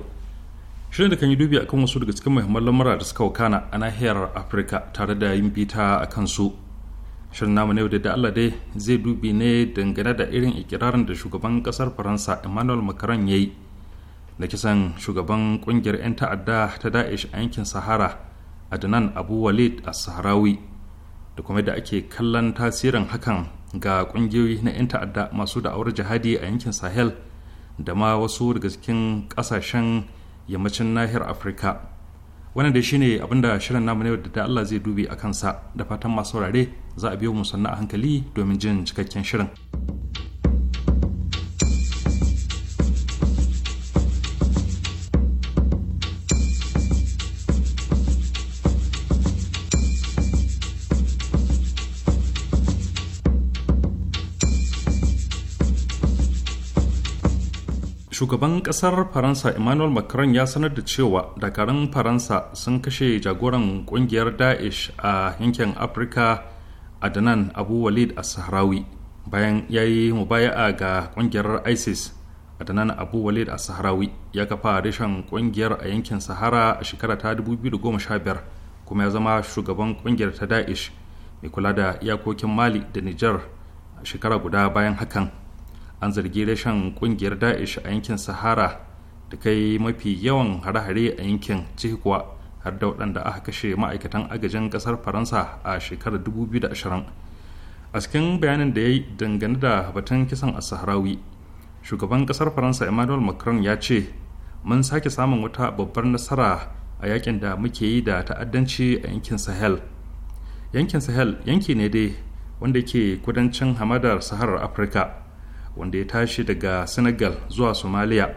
shirin da kan yi dubi a kan wasu daga cikin muhimman lamura da suka wakana a nahiyar afirka tare da yin bita a kansu shirin namu na yau da allah dai zai dubi ne dangane da irin ikirarin da shugaban kasar faransa emmanuel macron ya yi da kisan shugaban kungiyar 'yan ta'adda ta da'ish a yankin sahara adnan abu walid a sahrawi da kuma da ake kallon tasirin hakan ga kungiyoyi na 'yan ta'adda masu da'awar jihadi a yankin sahel da ma wasu daga cikin kasashen yammacin nahiyar afirka wannan da shine abinda shirin namu na da Allah zai dubi a sa da fatan masu saurare za a biyo mu sannan a hankali domin jin cikakken shirin. shugaban kasar faransa emmanuel macron ya sanar da cewa dakarun faransa sun kashe jagoran kungiyar daesh a yankin afirka adnan abu walid a sahrawi bayan ya yi mubaya'a ga kungiyar isis adnan abu walid a sahrawi ya kafa reshen kungiyar a yankin sahara a shekara ta 2015 kuma ya zama shugaban kungiyar ta daesh mai kula da iyakokin mali da niger a shekara guda bayan hakan an zargi rashin kungiyar da'ish a yankin sahara da kai mafi yawan hare-hare a yankin ciki har da waɗanda aka kashe ma'aikatan agajin ƙasar faransa a shekarar 2020 a cikin bayanin da ya yi dangane da batun kisan a saharawi shugaban ƙasar faransa emmanuel macron ya ce mun sake samun wata babbar nasara a yakin da muke yi da ta'addanci a yankin sahel yankin sahel yanki ne dai wanda ke kudancin hamadar saharar afirka wanda ya tashi daga senegal zuwa somalia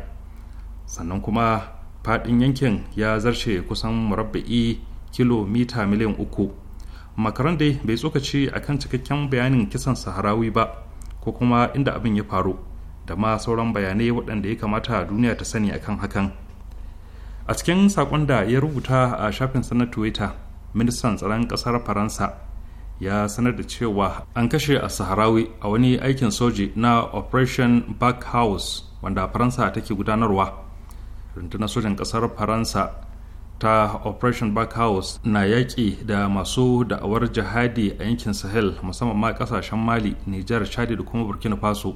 sannan kuma fadin yankin ya zarce kusan murabba'i kilomita miliyan uku makaron dai bai tsokaci akan cikakken bayanin kisan saharawi ba ko kuma inda abin ya faru da ma sauran bayanai waɗanda ya kamata duniya ta sani akan hakan a cikin saƙon da ya rubuta a shafin na twitter ministan tsaron ƙasar faransa ya sanar da cewa an kashe a saharawi a wani aikin soji na operation back house wanda faransa take gudanarwa rundunar sojan kasar faransa ta operation back house na yaƙi da masu da'awar jihadi a yankin sahel musamman ma kasashen mali nijar chadi da kuma burkina faso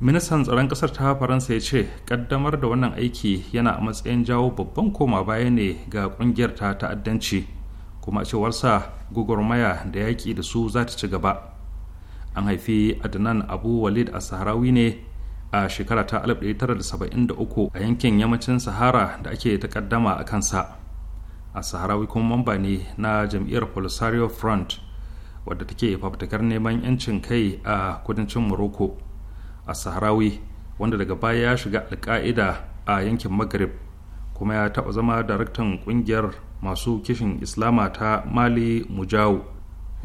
ministan tsaron kasar ta faransa ya ce kaddamar da wannan aiki yana a matsayin jawo babban koma baya ne ga kungiyar ta ta'addanci kuma cewarsa gwagwarmaya da yaƙi da su za ta ci gaba an haifi adnan abu walid a saharawi ne a shekara ta 1973 a yankin yammacin sahara da ake takaddama a kansa a saharawi kuma mamba ne na jam'iyyar polisario front wadda take fafutukar neman 'yancin kai a kudancin morocco a saharawi wanda daga baya ya shiga alka'ida a yankin maghrib kuma ya taɓa zama daraktan ƙungiyar masu kishin islama ta mali mujawu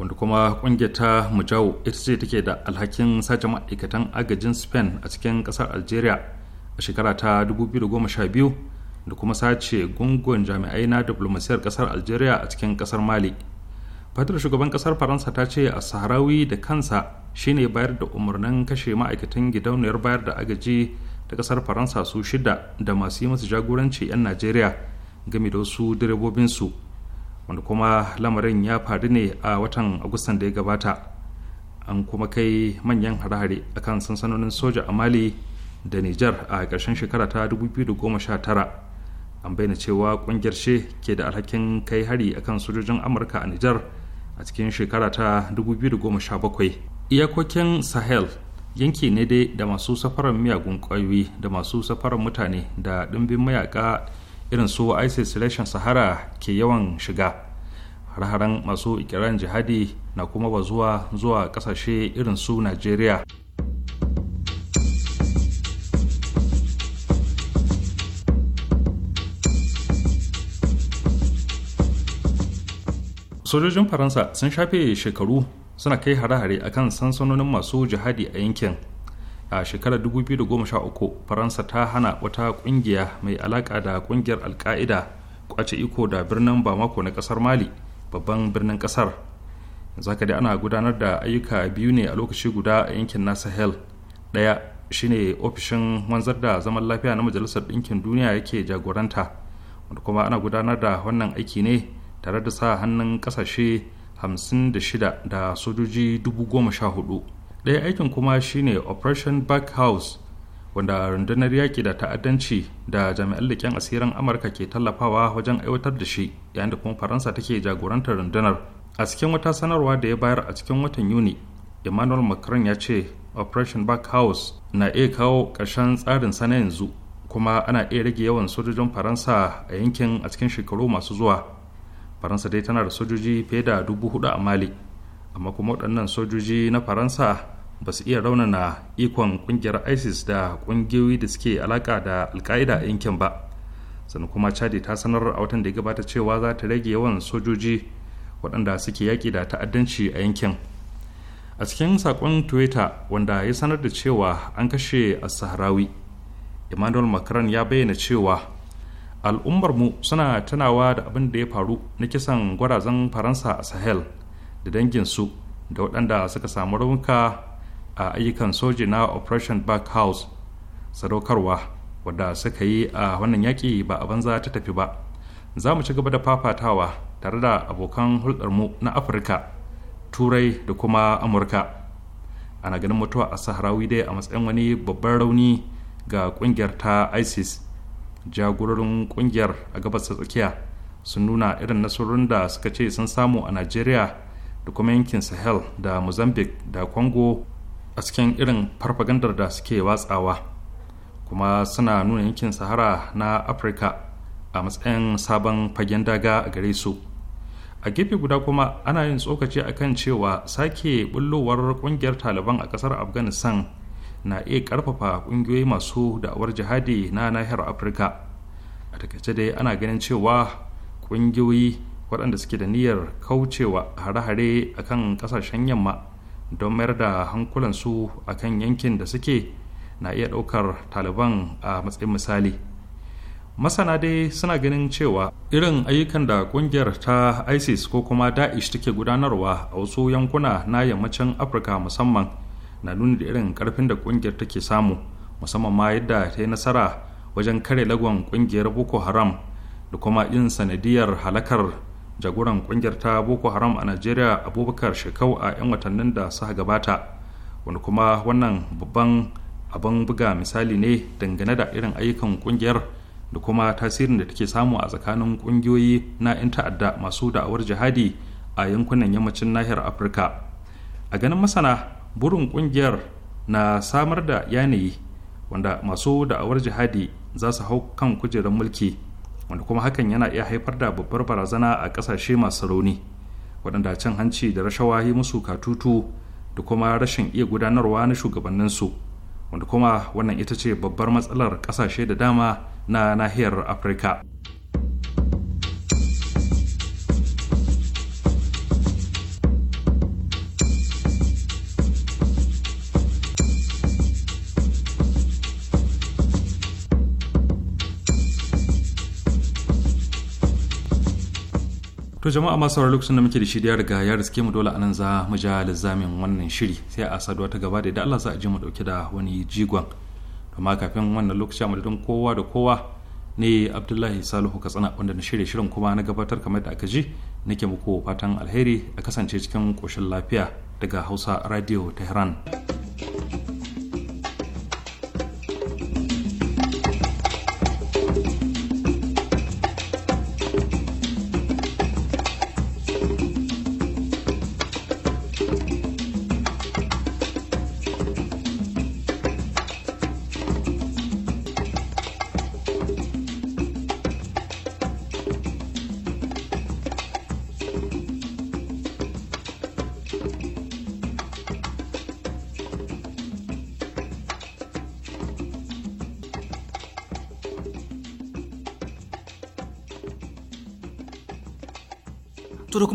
wanda kuma kungiyar ta mujawu ita ce take da alhakin sace ma'aikatan agajin spain a cikin kasar algeria a shekara ta 2012 da kuma sace gungun jami'ai na diplomasiyar kasar algeria a cikin kasar mali fatar shugaban kasar faransa ta ce a sahrawi da kansa shine bayar da umarnin kashe ma'aikatan gidauniyar bayar da agaji da kasar faransa su shida da masu yi masu jagoranci 'yan najeriya game da wasu direbobinsu wanda kuma lamarin ya faru ne a watan agustan da ya gabata an kuma kai manyan hare-hare akan sansanonin soja a mali da nijar a ƙarshen shekara ta 2019 an bayyana cewa ƙungiyar she ke da alhakin kai hari akan sojojin amurka a nijar a cikin shekara ta 2017 iyakokin sahel yanki ne dai da masu safarar miyagun kwayoyi da masu safarar mutane da ɗimbin mayaka irin su isis reshen sahara ke yawan shiga har-haren masu ikirarin jihadi na kuma bazuwa zuwa kasashe irin su nigeria. sojojin faransa sun shafe shekaru suna kai hare-hare akan sansanonin masu jihadi a yankin a shekarar 2013 faransa ta hana wata kungiya mai alaka da kungiyar alka'ida kwace iko da birnin bamako na kasar mali babban birnin kasar zaka da ana gudanar da ayyuka biyu ne a lokaci guda a yankin na sahel daya shine ofishin wanzar da zaman lafiya na majalisar ɗinkin duniya yake jagoranta wanda kuma ana gudanar da wannan aiki ne tare da sa hannun ƙasashe 56 da sojoji 14 ɗaya aikin kuma shine operation back house wanda rundunar yaƙi da ta'addanci da jami'an leƙen asirin amurka ke tallafawa wajen aiwatar da shi yayin da kuma faransa take jagorantar rundunar a cikin wata sanarwa da ya bayar a cikin watan yuni emmanuel macron ya ce operation back house na iya kawo ƙarshen tsarin sana yanzu kuma ana iya rage yawan sojojin faransa a yankin a cikin shekaru masu zuwa faransa dai tana da sojoji fiye da dubu hudu a mali amma kuma waɗannan sojoji na faransa ba su iya raunana ikon kungiyar isis da kungiyoyi da suke alaka da alka'ida a yankin ba sannan kuma chadi ta sanar a watan da ya gabata cewa za ta rage yawan sojoji waɗanda suke yaƙi da ta'addanci a yankin a cikin saƙon twitter wanda ya sanar da cewa an kashe a sahrawi emmanuel macron ya bayyana cewa al'ummarmu suna tunawa da abin da ya faru na kisan gwarazan faransa a sahel da danginsu da waɗanda suka samu raunuka a ayyukan soji na operation back house sadaukarwa wadda suka yi a wannan yaƙi ba a banza ta tafi ba za mu ci gaba da fafatawa tare da abokan hulɗarmu na afirka turai da kuma amurka ana ganin mutuwa a saharawi dai a matsayin wani babban rauni ga ƙungiyar ta isis jagororin ƙungiyar a gabas ta tsakiya sun nuna irin nasarorin da suka ce sun samu a najeriya da kuma yankin sahel da mozambique da congo a cikin irin farfagandar da suke watsawa kuma suna nuna yankin sahara na afirka a matsayin sabon fagen daga a gare su a gefe guda kuma ana yin tsokaci a kan cewa sake bullowar kungiyar taliban a kasar afghanistan na iya karfafa kungiyoyi masu da'awar jihadi na nahiyar afirka a takaice dai ana ganin cewa kungiyoyi waɗanda suke da niyyar kaucewa hare-hare a kan ƙasashen yamma don mayar da hankulansu a kan yankin da suke na iya ɗaukar taliban a matsayin misali masana dai suna ganin cewa irin ayyukan da ƙungiyar ta isis ko kuma daesh take gudanarwa a wasu yankuna na yammacin afirka musamman na nuna da irin karfin da ƙungiyar take samu musamman ma yadda ta yi nasara wajen kare lagon ƙungiyar boko haram da kuma yin sanadiyar halakar jagoran kungiyar ta boko haram a najeriya abubakar shekau a 'yan watannin da suka gabata wani kuma wannan babban abin buga misali ne dangane da irin ayyukan kungiyar da kuma tasirin da take samu a tsakanin kungiyoyi na 'yan ta'adda masu da'awar jihadi a yankunan yammacin nahiyar afirka a ganin masana burin kungiyar na samar da yanayi wanda masu da'awar jihadi za su hau kan kujerar mulki wanda kuma hakan yana iya haifar da babbar barazana a ƙasashe masu rauni waɗanda cin hanci da rashawa yi musu katutu da kuma rashin iya gudanarwa na shugabanninsu wanda kuma wannan ita ce babbar matsalar ƙasashe da dama na nahiyar afirka to jama'a masu sauraron lokacin da muke da shi ya riga ya riske mu dole anan za mu ja lizamin wannan shiri sai a saduwa ta gaba da idan Allah za a ji mu dauke da wani jigon amma kafin wannan lokaci a madadin kowa da kowa ne Abdullahi Salihu Katsina wanda na shirya shirin kuma na gabatar kamar da aka ji nake muku fatan alheri a kasance cikin koshin lafiya daga Hausa Radio Tehran.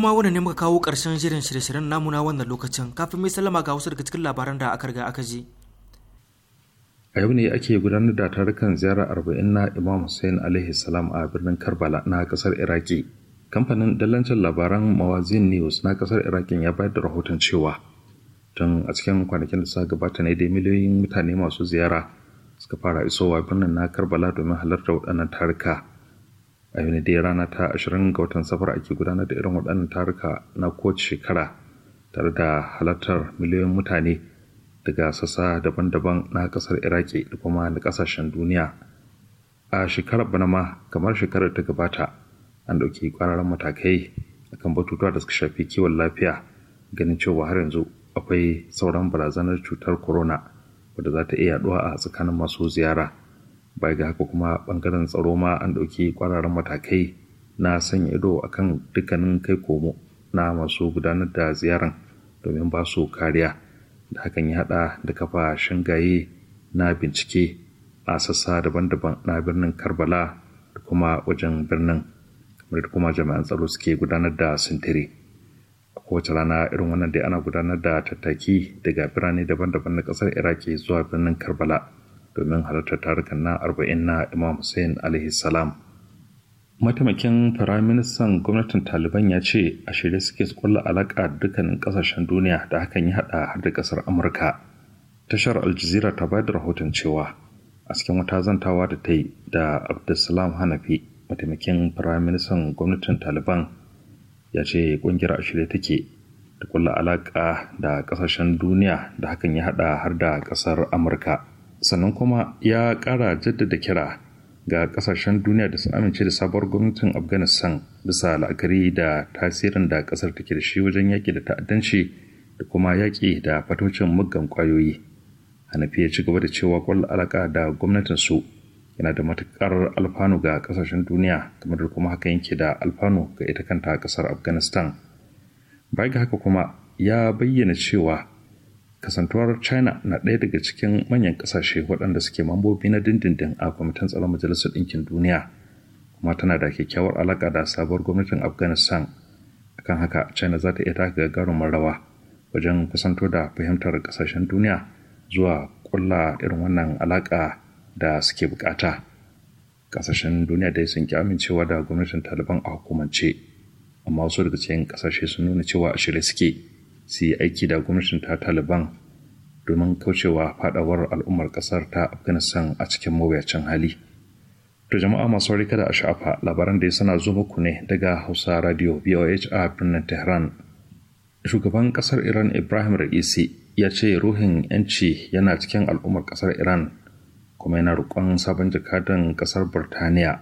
kuma wani ne muka kawo ƙarshen shirin shirye-shiryen namuna wannan lokacin kafin mai sallama ga wasu daga cikin labaran da aka riga aka ji. A yau ne ake gudanar da tarukan ziyara arba'in na Imam Hussein alaihi salam a birnin Karbala na kasar Iraki. Kamfanin dallancin labaran Mawazin News na kasar Iraki ya bayar da rahoton cewa tun a cikin kwanakin da suka gabata ne da miliyoyin mutane masu ziyara suka fara isowa birnin na Karbala domin halarta waɗannan tarukan. a yau dai rana ta 20 ga watan safar ake gudanar da irin waɗannan taruka na kowace shekara tare da halartar miliyoyin mutane daga sassa daban-daban na ƙasar iraki da kuma na ƙasashen duniya a shekarar bana ma kamar shekarar ta gabata an ɗauki ƙwararren matakai akan batutuwa da suka shafi kiwon lafiya ganin cewa har yanzu akwai sauran barazanar cutar corona wadda za ta iya yaduwa a tsakanin masu ziyara bai da haka kuma bangaren tsaro ma an ɗauki kwararren matakai na sanya ido akan dukkanin kai komo na masu gudanar da ziyaran domin ba su kariya da hakan ya hada da kafa shingaye na bincike a sassa daban-daban na birnin karbala da kuma wajen birnin kamar da kuma jami'an tsaro suke gudanar da sintiri a kowace rana irin wannan dai ana gudanar da tattaki daga birane daban-daban na kasar iraki zuwa birnin karbala domin halartar tarukan na arba'in na imam hussein alaihi salam mataimakin firaministan gwamnatin taliban ya ce a shirye suke su kulla alaka dukkanin kasashen duniya da hakan ya haɗa har da ƙasar amurka tashar aljazira ta bayar da rahoton cewa a cikin wata zantawa da ta yi da abdulsalam hanafi mataimakin firaministan gwamnatin taliban ya ce ƙungiyar a shirye take da kulla alaƙa da kasashen duniya da hakan ya haɗa har da ƙasar amurka sannan kuma ya kara jaddada kira ga kasashen duniya da sun amince da sabuwar gwamnatin afghanistan bisa la'akari da tasirin da ƙasar take da shi wajen yaƙi da ta'addanci da kuma yaƙi da fatocin muggan ƙwayoyi hanafi ya ci gaba da cewa kwallo alaƙa da gwamnatin su yana da matuƙar alfanu ga kasashen duniya kamar da kuma haka yake da alfanu ga ita kanta kasar afghanistan baya ga haka kuma ya bayyana cewa kasantuwar china na ɗaya daga cikin manyan ƙasashe waɗanda suke mambobi na dindindin a kwamitin tsaron majalisar ɗinkin duniya kuma tana da kyakkyawar alaƙa da sabuwar gwamnatin afghanistan akan haka china za ta iya taka gagarumin rawa wajen kusanto da fahimtar ƙasashen duniya zuwa ƙulla irin wannan alaƙa da suke buƙata ƙasashen duniya dai sun ƙi amincewa da gwamnatin taliban a hukumance amma wasu daga cikin ƙasashe sun nuna cewa a shirye suke su yi aiki da gwamnatin ta taliban domin kaucewa fadawar al'ummar kasar ta afghanistan a cikin mawuyacin hali to jama'a masu rika da sha'afa labaran da ya sana zo muku ne daga hausa radio boh a birnin tehran shugaban kasar iran ibrahim ra'isi ya ce ruhin yanci yana cikin al'ummar kasar iran kuma yana roƙon sabon jakadan kasar burtaniya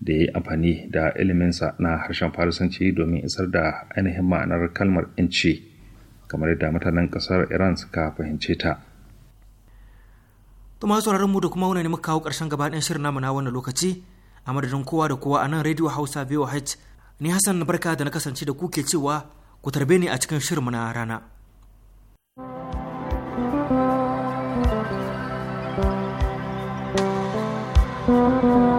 da ya yi amfani da iliminsa na harshen farisanci domin isar da ainihin ma'anar kalmar yanci. kamar yadda mutanen kasar iran suka fahimce ta kuma sauraron mu da kuma wani ne muka kawo karshen gaba ɗayan shirin namu na wannan lokaci a madadin kowa da kowa a nan radio hausa voh ni hassan barka da na kasance da kuke cewa ku tarbe ni a cikin shirin na rana thank you